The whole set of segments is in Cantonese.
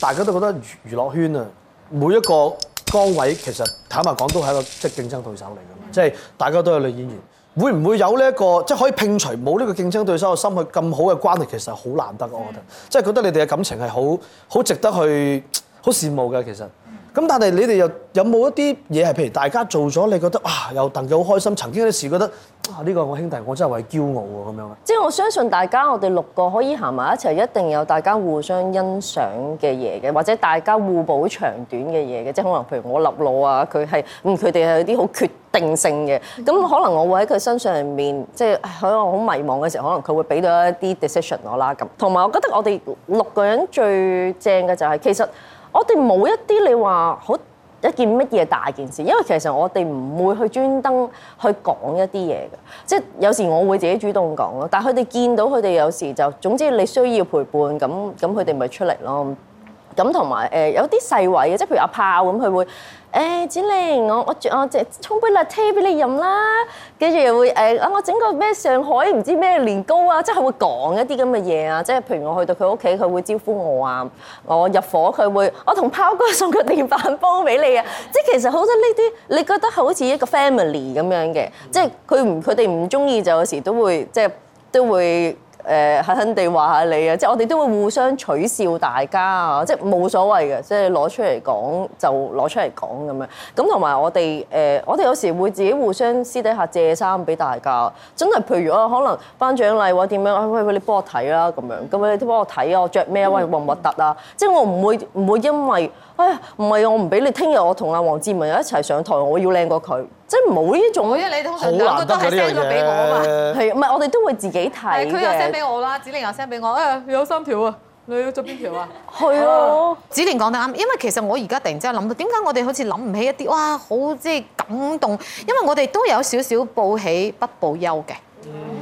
大家都覺得娛樂圈啊，每一個崗位其實坦白講都係一個即係競爭對手嚟嘅。Mm hmm. 即係大家都係女演員，會唔會有呢、這、一個即係可以摒除冇呢個競爭對手嘅心去咁好嘅關係，其實好難得。mm hmm. 我覺得，即係覺得你哋嘅感情係好好值得去好羨慕嘅其實。咁但係你哋又有冇一啲嘢係，譬如大家做咗，你覺得啊又戥佢好開心。曾經有啲事覺得啊呢個我兄弟，我真係為驕傲喎咁樣。即係我相信大家，我哋六個可以行埋一齊，一定有大家互相欣賞嘅嘢嘅，或者大家互補長短嘅嘢嘅。即係可能譬如我立路啊，佢係嗯佢哋係有啲好決定性嘅。咁可能我會喺佢身上面，即係喺我好迷茫嘅時候，可能佢會俾到一啲 decision 我啦。咁同埋我覺得我哋六個人最正嘅就係其實。我哋冇一啲你話好一件乜嘢大件事，因為其實我哋唔會去專登去講一啲嘢嘅，即係有時我會自己主動講咯。但係佢哋見到，佢哋有時就，總之你需要陪伴，咁咁佢哋咪出嚟咯。咁同埋誒有啲、呃、細位嘅，即係譬如阿炮咁，佢會誒子、欸、玲，我我我淨沖杯 latte 俾你飲啦，跟住又會誒，啊、呃、我整個咩上海唔知咩年糕啊，即係會講一啲咁嘅嘢啊，即係譬如我去到佢屋企，佢會招呼我啊，我入伙，佢會，我同炮哥送個電飯煲俾你啊，即係其實好多呢啲，你覺得好似一個 family 咁樣嘅，即係佢唔佢哋唔中意就有時都會即係都會。誒，狠狠地話下你啊！即係我哋都會互相取笑大家啊！即係冇所謂嘅，即係攞出嚟講就攞出嚟講咁樣。咁同埋我哋誒、呃，我哋有時會自己互相私底下借衫俾大家。真係，譬如我可能頒獎禮或者點樣，喂、哎、喂，你幫我睇啦咁樣。咁你都幫我睇、嗯、啊！嗯、我着咩啊？喂，核唔核突啊？即係我唔會唔會因為，哎呀，唔係我唔俾你。聽日我同阿黃智雯一齊上台，我要靚過佢。即係冇呢種，因為、哦、你通常覺得係 send 咗俾我啊嘛，係唔係？我哋都會自己睇。佢又 send 俾我啦，子羚又 send 俾我，誒有、哎、有三條啊，你要做邊條啊？係 啊，子羚講得啱，因為其實我而家突然之間諗到，點解我哋好似諗唔起一啲哇，好即係感動，因為我哋都有少少報喜不報憂嘅。嗯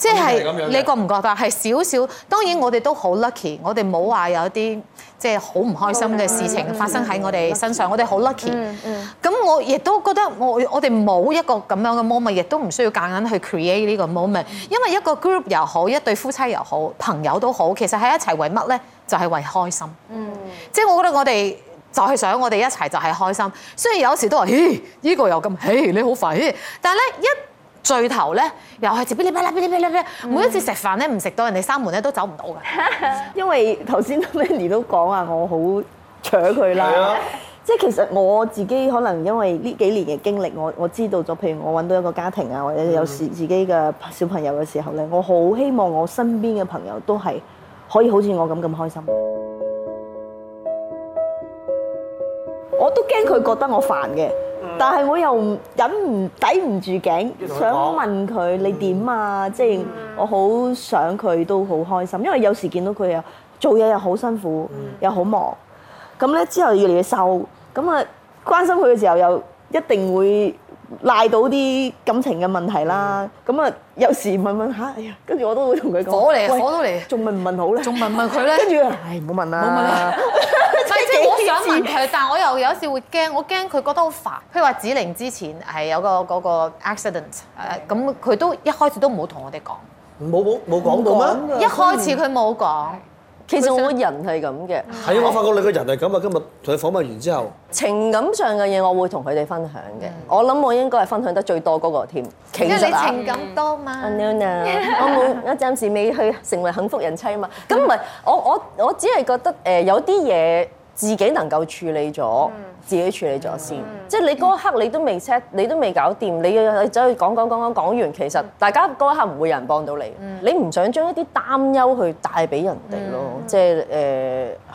即係、嗯、你覺唔覺得係少少？當然我哋都好 lucky，我哋冇話有一啲即係好唔開心嘅事情發生喺我哋身上，我哋好 lucky。咁、嗯嗯、我亦都覺得我我哋冇一個咁樣嘅 moment，亦都唔需要夾硬去 create 呢個 moment。嗯、因為一個 group 又好，一對夫妻又好，朋友都好，其實喺一齊為乜呢？就係、是、為開心。嗯、即係我覺得我哋就係想我哋一齊就係開心。雖然有時都話，咦呢、呢個又咁，咦你好煩。但係呢，一最頭咧，又係直噼哩啪啦、噼哩啪啦、噼哩，每一次食飯咧，唔食到人哋閂門咧，都走唔到嘅。 因為頭先 Mandy 都講啊，我好搶佢啦。即係其實我自己可能因為呢幾年嘅經歷，我我知道咗，譬如我揾到一個家庭啊，或者有時自己嘅小朋友嘅時候咧，我好希望我身邊嘅朋友都係可以好似我咁咁開心。 我都驚佢覺得我煩嘅。但係我又忍唔抵唔住頸，想問佢你點啊？即係、嗯、我好想佢都好開心，因為有時見到佢又做嘢又好辛苦，嗯、又好忙。咁咧之後越嚟越瘦，咁啊關心佢嘅時候又一定會。賴到啲感情嘅問題啦，咁啊有時問問下，哎呀，跟住我都會同佢講火嚟，火到嚟，仲問唔問好咧？仲問問佢咧？跟住唔好問啦，唔好問啦。唔係即係我想問佢，但我又有時會驚，我驚佢覺得好煩。譬如話子羚之前係有個嗰個 accident，咁佢都一開始都冇同我哋講，冇冇冇講到咩？一開始佢冇講。其實我個人係咁嘅，係啊的！的我發覺你個人係咁啊，今日同你訪問完之後，情感上嘅嘢我會同佢哋分享嘅。嗯、我諗我應該係分享得最多嗰個添。嗯、其實為你情感多嘛，Anuna，Al Yeah. 我冇，我暫時未去成為幸福人妻啊嘛。咁唔係，我我我只係覺得誒、呃、有啲嘢。自己能夠處理咗，自己處理咗先。即係你嗰一刻你都未 set，你都未搞掂，你要走去講講講講講完，其實大家嗰一刻唔會有人幫到你。你唔想將一啲擔憂去帶俾人哋咯。即係誒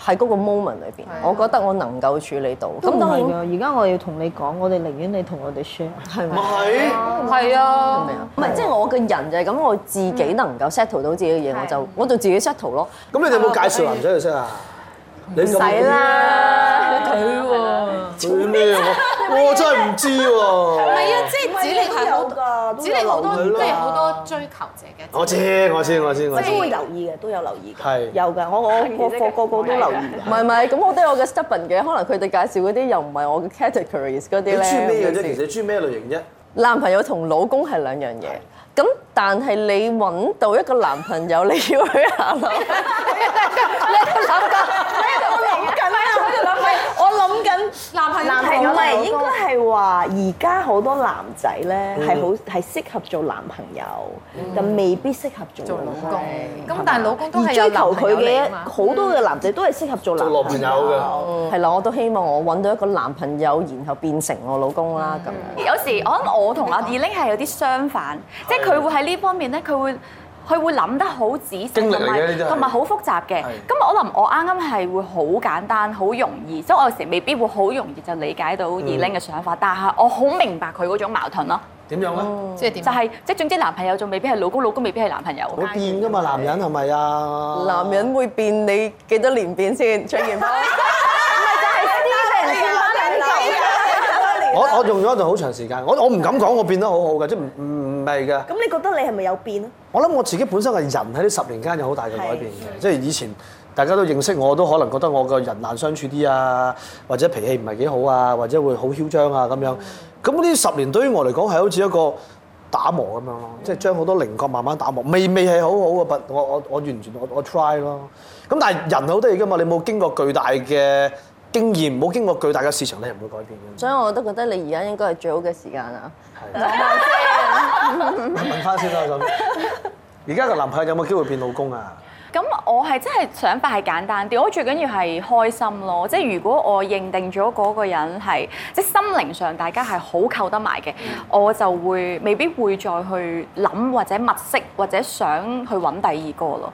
喺嗰個 moment 裏邊，我覺得我能夠處理到。咁當然啦，而家我要同你講，我哋寧願你同我哋 share。係咪？係啊。係咪啊？唔係，即係我嘅人就係咁，我自己能夠 settle 到自己嘅嘢，我就我就自己 settle 咯。咁你哋有冇介紹啊？唔使去識啊？你唔使啦，佢喎。子羚我，我真係唔知喎。唔係啊，即係子羚係好，子羚當然都有好多追求者嘅。我知，我知，我知。即係都會留意嘅，都有留意。係。有㗎，我我我個個都留意。唔係唔係，咁我都有嘅 stubborn 嘅，可能佢哋介紹嗰啲又唔係我嘅 categories 嗰啲咧。你中咩嘅啫？其實你中咩類型啫？男朋友同老公係兩樣嘢。咁，但係你揾到一個男朋友，你要去行，你諗緊？諗緊男朋友咪應該係話，而家好多男仔咧係好係適合做男朋友，嗯、但未必適合做、做老公。咁吧但係老公都係追求佢嘅好多嘅男仔都係適合做男朋友嘅。係啦，我都希望我揾到一個男朋友，然後變成我老公啦。咁、嗯、樣有時我諗我同阿二玲 i 係有啲相反，即係佢會喺呢方面咧，佢會。佢會諗得好仔細，同埋好複雜嘅。咁是 我諗我啱啱係會好簡單、好容易，所以我有時未必會好容易就理解到二玲嘅想法，但係我好明白佢嗰種矛盾咯、嗯樣。點樣咧？即係點？就係即係總之，男朋友仲未必係老公，老公未必係男朋友。會變㗎嘛？對 男人係咪啊？是是男人會變，你幾多年變先？陳健康。 我我用咗一段好長時間，我我唔敢講我變得好好嘅，即唔唔唔係嘅。咁你覺得你係咪有變啊？我諗我自己本身係人喺呢十年間有好大嘅改變嘅，的即係以前大家都認識我都可能覺得我個人難相處啲啊，或者脾氣唔係幾好啊，或者會好囂張啊咁樣。咁呢、嗯、十年對於我嚟講係好似一個打磨咁樣咯，嗯、即係將好多稜角慢慢打磨。未未係好好嘅，不我我我完全我我 try 咯。咁但係人好得意噶嘛，你冇經過巨大嘅。經驗冇經過巨大嘅市場，你唔會改變嘅。所以我都覺得你而家應該係最好嘅時間啊！ 男朋問翻先啦。咁而家個男朋友有冇機會變老公啊？咁我係真係想法係簡單啲，我最緊要係開心咯。即係如果我認定咗嗰個人係，即係心靈上大家係好扣得埋嘅，我就會未必會再去諗或者物色或者想去揾第二個咯。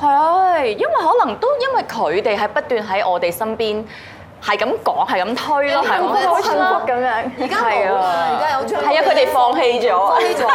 係，因為可能都因為佢哋係不斷喺我哋身邊，係咁講，係咁推咯，係我哋親筆咁樣。而家冇而家有出，係啊，佢哋放棄咗，放棄咗，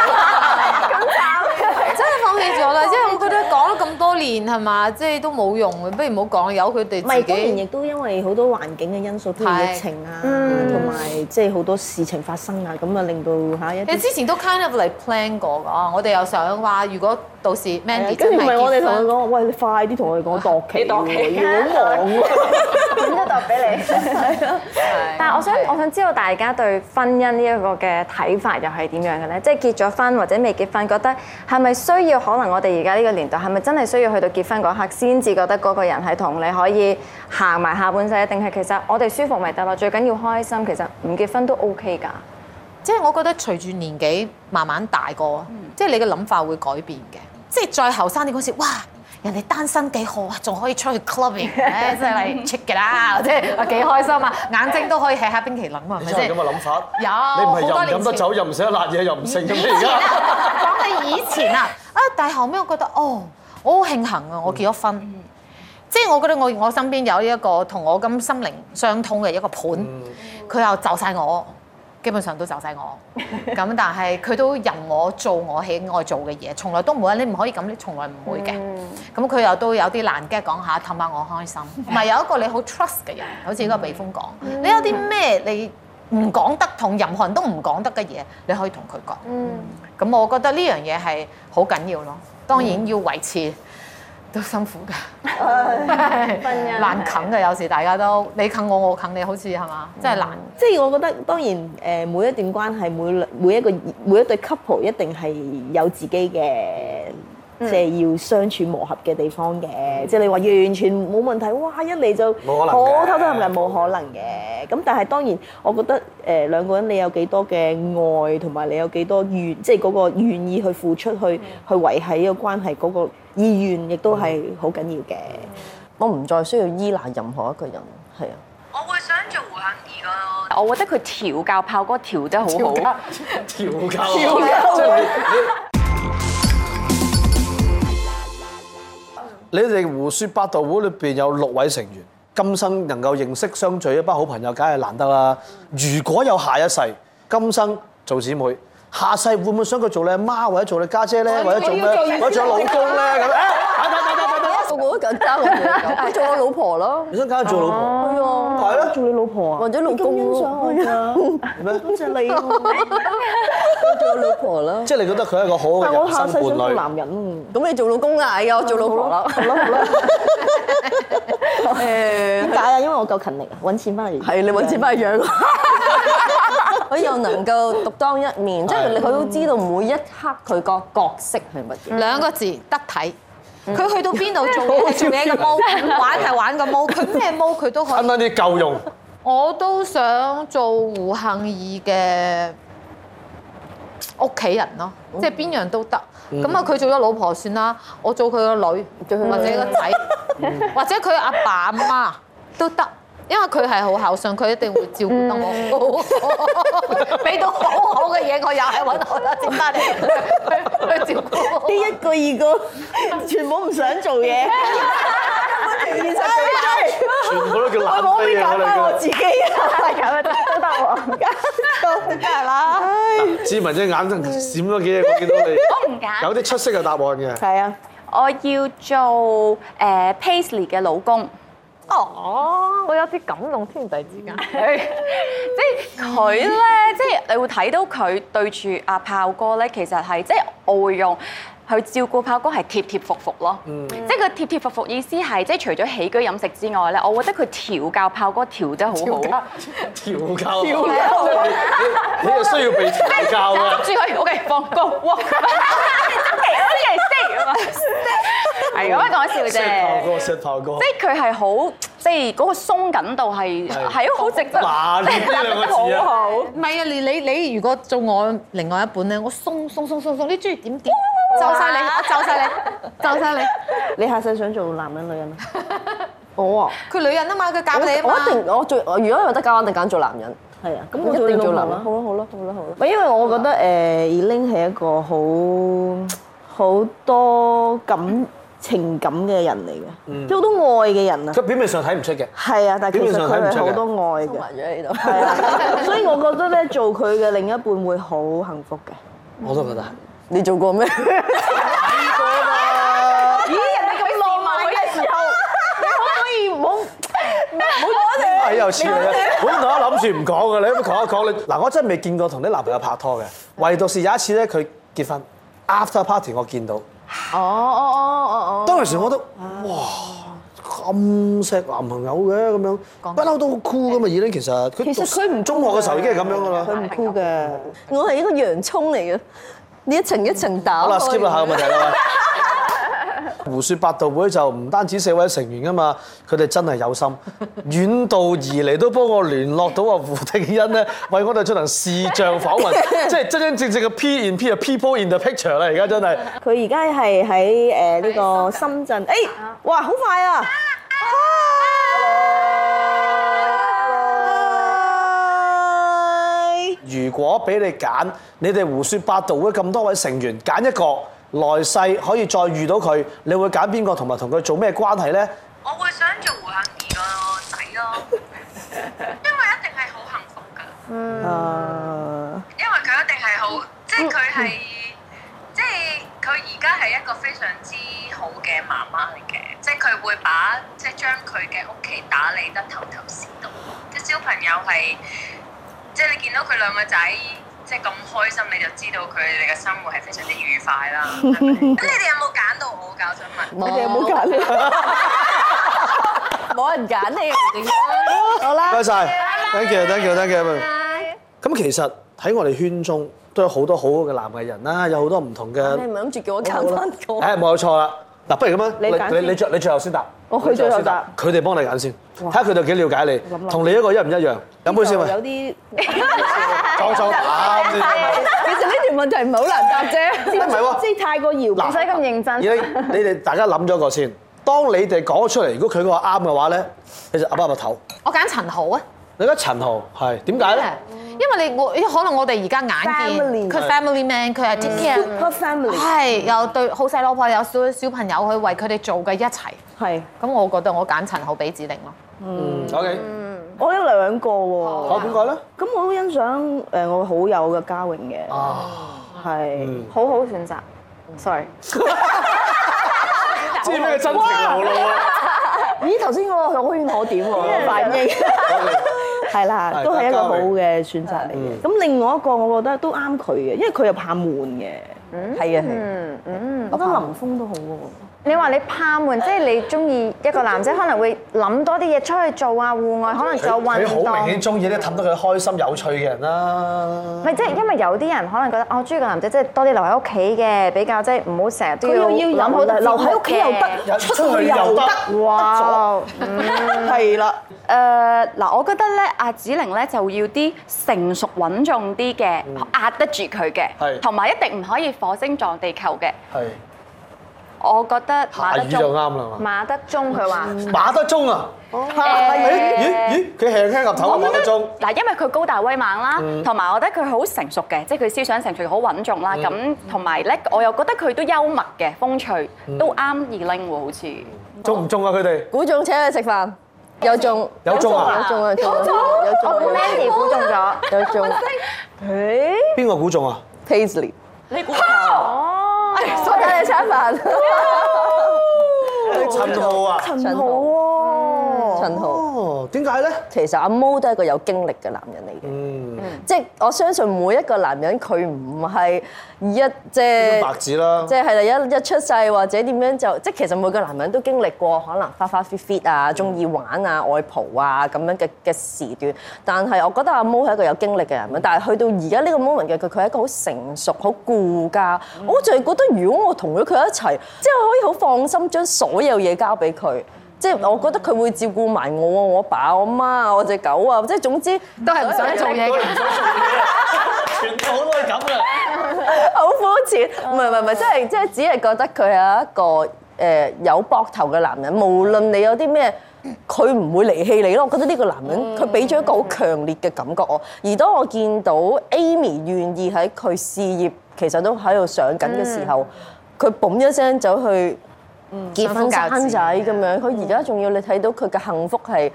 咁真係放棄咗啦。即係我覺得講咗咁多年係嘛，即係都冇用嘅，不如唔好講，有佢哋。唔係，當然亦都因為好多環境嘅因素、天疫情啊，同埋即係好多事情發生啊，咁啊令到嚇一。你之前都 kind of 嚟 plan 過㗎，我哋有時候話如果。到時，跟住唔係我哋同佢講，餵喂你快啲同佢講，度、啊、期度、啊、期，唔好忘。依家就俾你，係咯 是。但係我想，是我想知道大家對婚姻呢一個嘅睇法又係點樣嘅咧？即、就、係、是、結咗婚或者未結婚，覺得係咪需要？可能我哋而家呢個年代係咪真係需要去到結婚嗰刻先至覺得嗰個人係同你可以行埋下半世？定係其實我哋舒服咪得咯？最緊要開心。其實唔結婚都 OK 㗎。嗯、即係我覺得隨住年紀慢慢大個，即係你嘅諗法會改變嘅。即係再後生啲嗰時，哇！人哋單身幾好啊，仲可以出去 clubbing，b 誒即係 嚟 check 噶啦，即係幾開心啊，眼睛都可以吃下冰淇淋啊，係咪你係咁嘅諗法？有。你唔係又飲得酒，又唔食得辣嘢，又唔食咁先啊？講你以前啊，啊！但係後尾我覺得，哦，我好慶幸啊，我結咗婚，嗯、即係我覺得我我身邊有一個同我咁心靈相通嘅一個伴，佢又、嗯、就晒我。基本上都就晒我，咁但係佢都任我做我喜愛做嘅嘢，從來都唔會你唔可以咁，你從來唔會嘅。咁佢、嗯、又都有啲難嘅講下，氹下我開心。唔係 有一個你好 trust 嘅人，好似呢個避風港，嗯、你有啲咩你唔講得同任何人都唔講得嘅嘢，你可以同佢講。咁、嗯、我覺得呢樣嘢係好緊要咯。當然要維持。嗯都辛苦㗎，難啃㗎，有時大家都你啃我，我啃你，好似係嘛，真係難。即係我覺得當然誒，每一段關係，每每一個每一對 couple 一定係有自己嘅，即係要相處磨合嘅地方嘅。即係你話完全冇問題，哇！一嚟就冇可能嘅，好偷偷係咪冇可能嘅。咁但係當然，我覺得誒兩個人你有幾多嘅愛，同埋你有幾多願，即係嗰個願意去付出去去維繫個關係嗰個。意願亦都係好緊要嘅，嗯、我唔再需要依賴任何一個人，係啊。我會想做胡杏兒個，我覺得佢調教炮哥調得好好。調教，調教。你哋胡說八道會裏邊有六位成員，今生能夠認識相聚一班好朋友，梗係難得啦。如果有下一世，今生做姊妹。下世會唔會想佢做你阿媽，或者做你家姐咧，或者做咩，或者做老公咧咁？等等等等，我做我緊爭老公，我做我老婆咯。你想揀做老婆？係啊！做你老婆啊？或者老公？係啊。咩？多謝你做做老婆啦。即係你覺得佢係個好嘅，我下世想做男人。咁你做老公嗌啊，我做老婆啦。係咯，係點解啊？因為我夠勤力，揾錢翻嚟。係你揾錢翻嚟養。佢又能夠獨當一面，即係你佢都知道每一刻佢個角色係乜嘢。兩個字得體。佢去到邊度做做咩嘅毛，玩係玩個毛，佢咩毛佢都可以。等等啲夠用。我都想做胡杏兒嘅屋企人咯，即係邊樣都得。咁啊，佢做咗老婆算啦，我做佢個女，做佢，或者個仔，或者佢阿爸阿媽都得。因為佢係好孝順，佢一定會照顧到我，俾 到好好嘅嘢。我又係揾我啦，接翻嚟佢照顧。呢一個二個，全部唔想做嘢，揾條 現實最艱全部都叫我難飛啊！我自己啊，咁啊得都得喎，都係啦。智雯隻眼閃咗幾嘢。我見到你， 我選有啲出色嘅答案嘅。係啊的，我要做誒 Paisley 嘅老公。哦，我有啲感動天地之間、嗯，即係佢咧，即係你會睇到佢對住阿炮哥咧，其實係即係我會用去照顧炮哥係貼貼服服咯、嗯。即係佢貼貼服服意思係即係除咗起居飲食之外咧，我覺得佢調教炮哥調得好好。調教，教教你又需要被調教啊？只可以 OK 放工。Go, walk, 係咁樣講笑啫，石炮哥，石炮哥，即係佢係好，即係嗰個鬆緊度係係都好值得，得好好。唔係啊，你你你如果做我另外一半咧，我鬆鬆鬆鬆鬆，你中意點點？就晒你，我就晒你，就晒你。你下世想做男人女人啊？我啊，佢女人啊嘛，佢教你我一定，我做，如果有得揀，我一定揀做男人。係啊，咁我一定做男人。好啦，好啦，好啦，好啦。唔，因為我覺得誒，玲係一個好。好多感情感嘅人嚟嘅，即好多愛嘅人啊！佢表面上睇唔出嘅，係啊，但係其實佢係好多愛嘅，匿埋咗喺度，係啊！所以我覺得咧，做佢嘅另一半會好幸福嘅。我都覺得你做過咩？咦！人哋咁浪漫嘅時候，可唔可以唔好攞定？冇攞定，冇攞定，本來諗住唔講嘅，你唔好講一講。你嗱，我真係未見過同啲男朋友拍拖嘅，唯獨是有一次咧，佢結婚。After party 我見到，哦哦哦哦哦，當時我都哇咁錫男朋友嘅咁樣，不嬲說都好酷㗎嘛，而家其實其實佢唔中學嘅時候已經係咁樣噶啦，佢唔、嗯、酷嘅，我係一個洋葱嚟嘅，你一層一層打好。好啦，skip 啦下個問題啦。 胡說八道會就唔單止四位成員噶嘛，佢哋真係有心，遠道而嚟都幫我聯絡到啊胡定欣咧，為我哋進行視像訪問， 即係真真正正嘅 P and P 啊，People in the picture 啦，而家真係。佢而家係喺誒呢個深圳，哎，哇，好快啊！啊啊 Hi 如果俾你揀，你哋胡說八道會咁多位成員，揀一個。來世可以再遇到佢，你會揀邊個同埋同佢做咩關係呢？我會想做胡杏兒個仔咯，因為一定係好幸福㗎。嗯。因為佢一定係好，即係佢係，即係佢而家係一個非常之好嘅媽媽嚟嘅，即係佢會把即係將佢嘅屋企打理得頭頭是道，即係小朋友係，即係你見到佢兩個仔。即係咁開心，你就知道佢哋嘅生活係非常之愉快啦。咁你哋有冇揀到好搞？想問，你哋冇揀㗎，冇人揀你。好啦，多謝，thank you，thank you，thank you。咁其實喺我哋圈中都有好多好嘅男藝人啦，有好多唔同嘅。你唔係諗住叫我揀翻個？誒，冇錯啦。嗱，不如咁樣，你你你你最後先答，我佢最後答，佢哋幫你揀先，睇下佢哋幾了解你，同你一個一唔一樣？飲杯先嘛。有啲，講錯啊！其實呢條問題唔係好難答啫，唔係即係太過謠，唔使咁認真。你哋大家諗咗個先，當你哋講出嚟，如果佢個話啱嘅話咧，你就壓下個頭。我揀陳豪啊。你覺得陳豪係點解咧？因為你我，可能我哋而家眼見佢 family man，佢係 take care of family 係有對好細老婆，有少少小朋友去為佢哋做嘅一齊。係咁，我覺得我揀陳豪俾子羚咯。嗯，OK。嗯，我有兩個喎。嚇，點解咧？咁我好欣賞誒我好友嘅嘉穎嘅。哦，係好好選擇。Sorry，知咩真情流露啊？咦，頭先可圈可點喎反應？係啦，都係一個好嘅選擇嚟嘅。咁另外一個，我覺得都啱佢嘅，因為佢又怕悶嘅。係啊，我覺得林峯都好喎。你話你怕悶，即係你中意一個男仔可能會諗多啲嘢出去做啊，戶外可能就運動。佢好明顯中意啲氹得佢開心有趣嘅人啦。唔係，即係因為有啲人可能覺得，我中意個男仔即係多啲留喺屋企嘅，比較即係唔好成日都要留喺屋企又得，出去又得。哇，係啦。誒嗱，我覺得咧，阿子羚咧就要啲成熟穩重啲嘅，壓得住佢嘅，同埋一定唔可以火星撞地球嘅。係，我覺得馬德鐘就啱啦嘛。馬德鐘，佢話馬德鐘啊，咦咦，佢係聽頭啊馬德鐘。嗱，因為佢高大威猛啦，同埋我覺得佢好成熟嘅，即係佢思想成熟好穩重啦。咁同埋咧，我又覺得佢都幽默嘅風趣，都啱子羚喎，好似中唔中啊？佢哋估中請佢食飯。有中，有中啊！有中啊！有中，我 Mandy 估中咗，有中。誒，邊個估中啊？Tazly，你估啊？所有嘅餐飯，陳豪啊，陳豪。哦，點解咧？其實阿毛都係一個有經歷嘅男人嚟嘅，嗯、即係我相信每一個男人佢唔係一即係、就是、白紙啦，即係係啦一一出世或者點樣，就即係其實每個男人都經歷過可能花花 fit fit 啊，中意、嗯、玩啊，外蒲啊咁樣嘅嘅時段。但係我覺得阿毛係一個有經歷嘅人，嗯、但係去到而家呢個 moment 嘅佢，佢係一個好成熟、好顧家。嗯、我就係覺得如果我同咗佢一齊，即係可以好放心將所有嘢交俾佢。即係我覺得佢會照顧埋我，我爸、我媽啊，我隻狗啊，即係總之都係唔想做嘢唔想做嘢， 全部都係咁㗎，好膚淺，唔係唔係唔係，即係即係只係覺得佢係一個誒、呃、有膊頭嘅男人，無論你有啲咩，佢唔會離棄你咯。我覺得呢個男人佢俾咗一個好強烈嘅感覺我，嗯嗯、而當我見到 Amy 願意喺佢事業其實都喺度上緊嘅時候，佢嘣、嗯、一聲走去。結婚生仔咁樣，佢而家仲要你睇到佢嘅幸福係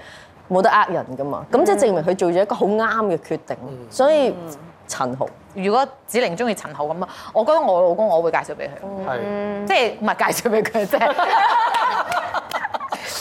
冇得呃人噶嘛？咁、嗯、即係證明佢做咗一個好啱嘅決定。嗯、所以、嗯、陳豪，如果子羚中意陳豪咁啊，我覺得我老公我會介紹俾佢，嗯、即係唔係介紹俾佢啫。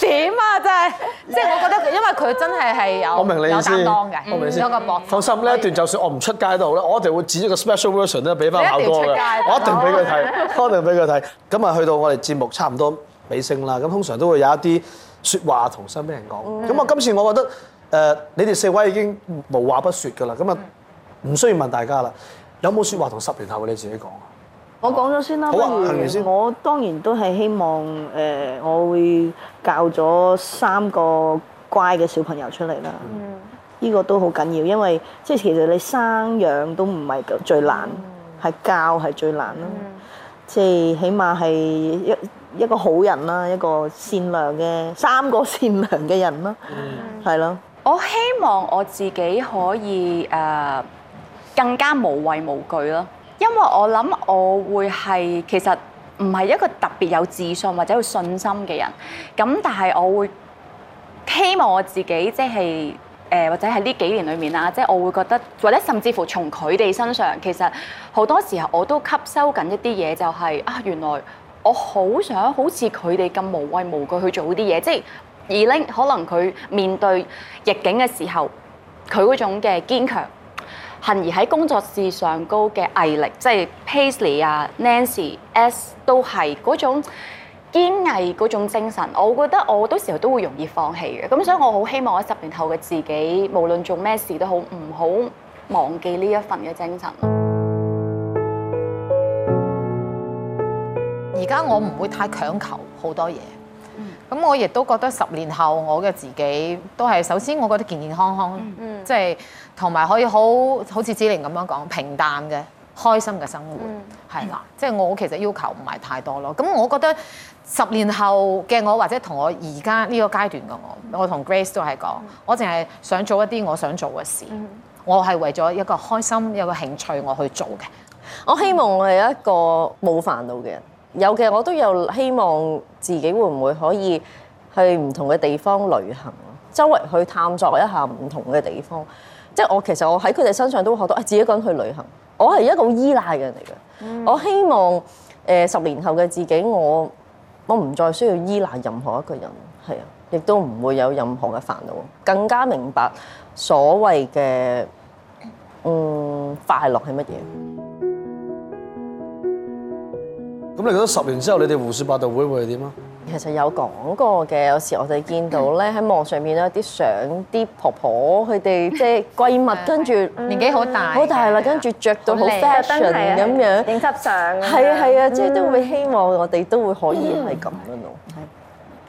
點啊！真係，即係我覺得，因為佢真係係有我明你有擔當嘅，有、嗯、個放心，呢以一段就算我唔出街度咧，我一定會剪一個 special version 咧，俾翻豹哥嘅。我一定俾佢睇，一定俾佢睇。咁啊，去到我哋節目差唔多尾聲啦。咁通常都會有一啲説話同身邊人講。咁啊，今次我覺得誒、呃，你哋四位已經無話不說噶啦。咁啊，唔需要問大家啦。有冇説話同十年後你自己講？我講咗先啦，不如我當然都係希望誒，我會教咗三個乖嘅小朋友出嚟啦、嗯。呢個都好緊要，因為即係其實你生養都唔係最難，係、嗯、教係最難啦。即係、嗯、起碼係一一個好人啦，一個善良嘅三個善良嘅人啦，係咯、嗯。對了 我希望我自己可以誒更加無畏無懼咯。因為我諗我會係其實唔係一個特別有自信或者有信心嘅人，咁但係我會希望我自己即係誒或者喺呢幾年裡面啊，即係我會覺得或者甚至乎從佢哋身上，其實好多時候我都吸收緊一啲嘢，就係啊，原來我好想好似佢哋咁無畏無懼去做啲嘢，即係 Elena 可能佢面對逆境嘅時候，佢嗰種嘅堅強。幸而喺工作事上高嘅毅力，即係 Paisley 啊、Nancy、S 都係嗰種堅毅嗰種精神。我覺得我好多時候都會容易放棄嘅，咁所以我好希望我十年後嘅自己，無論做咩事都好，唔好忘記呢一份嘅精神。而家我唔會太強求好多嘢。咁我亦都覺得十年後我嘅自己都係，首先我覺得健健康康，即係同埋可以好好似子羚咁樣講平淡嘅、開心嘅生活，係啦、mm，即、hmm. 係、就是、我其實要求唔係太多咯。咁我覺得十年後嘅我或者同我而家呢個階段嘅我，mm hmm. 我同 Grace 都係講，我淨係想做一啲我想做嘅事，mm hmm. 我係為咗一個開心、一個興趣我去做嘅。Mm hmm. 我希望我係一個冇煩惱嘅人。有嘅，我都有希望自己會唔會可以去唔同嘅地方旅行，周圍去探索一下唔同嘅地方。即係我其實我喺佢哋身上都會學到，自己一個人去旅行。我係一個好依賴嘅人嚟嘅。嗯、我希望誒、呃、十年後嘅自己，我我唔再需要依賴任何一個人，係啊，亦都唔會有任何嘅煩惱，更加明白所謂嘅嗯快樂係乜嘢。咁你覺得十年之後你哋胡說八道會會係點啊？其實有講過嘅，有時我哋見到咧喺網上面咧啲相，啲婆婆佢哋即係閨蜜，跟住年紀好大好大啦，跟住着到好 fashion 咁樣影輯相啊，係啊係啊，即係都會希望我哋都會可以係咁樣咯，係，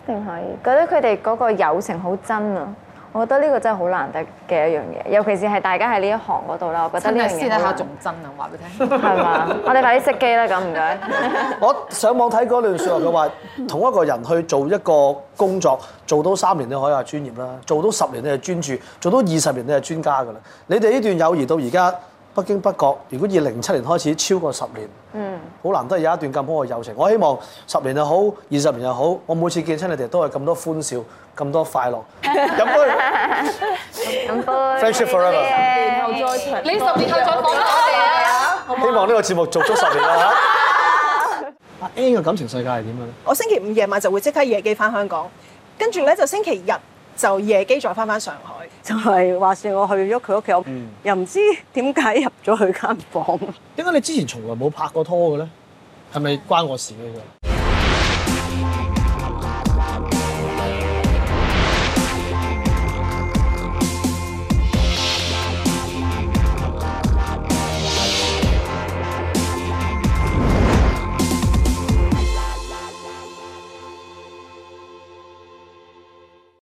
定係覺得佢哋嗰個友情好真啊！我覺得呢個真係好難得嘅一樣嘢，尤其是係大家喺呢一行嗰度啦。我覺得呢樣嘢真係是仲真啊！話俾你聽，係嘛？我哋快啲熄機啦，咁唔該。 我上網睇嗰段説話，佢話同一個人去做一個工作，做到三年你可以話專業啦，做到十年你係專注，做到二十年你係專家㗎啦。你哋呢段友誼到而家。不經不覺，如果以零七年開始超過十年，嗯，好難得有一段咁好嘅友情。我希望十年又好，二十年又好，我每次見親你哋都係咁多歡笑，咁多快樂。飲杯，飲杯，friendship forever。十年後再，你十年後再講多嘢啦。希望呢個節目做足十年啦嚇。阿 An 嘅感情世界係點樣啊？我星期五夜晚就會即刻夜機翻香港，跟住咧就星期日。就夜機再翻返上海，就係話說我去咗佢屋企，嗯、又唔知點解入咗佢間房。點解你之前從來冇拍過拖嘅咧？係咪關我事嘅？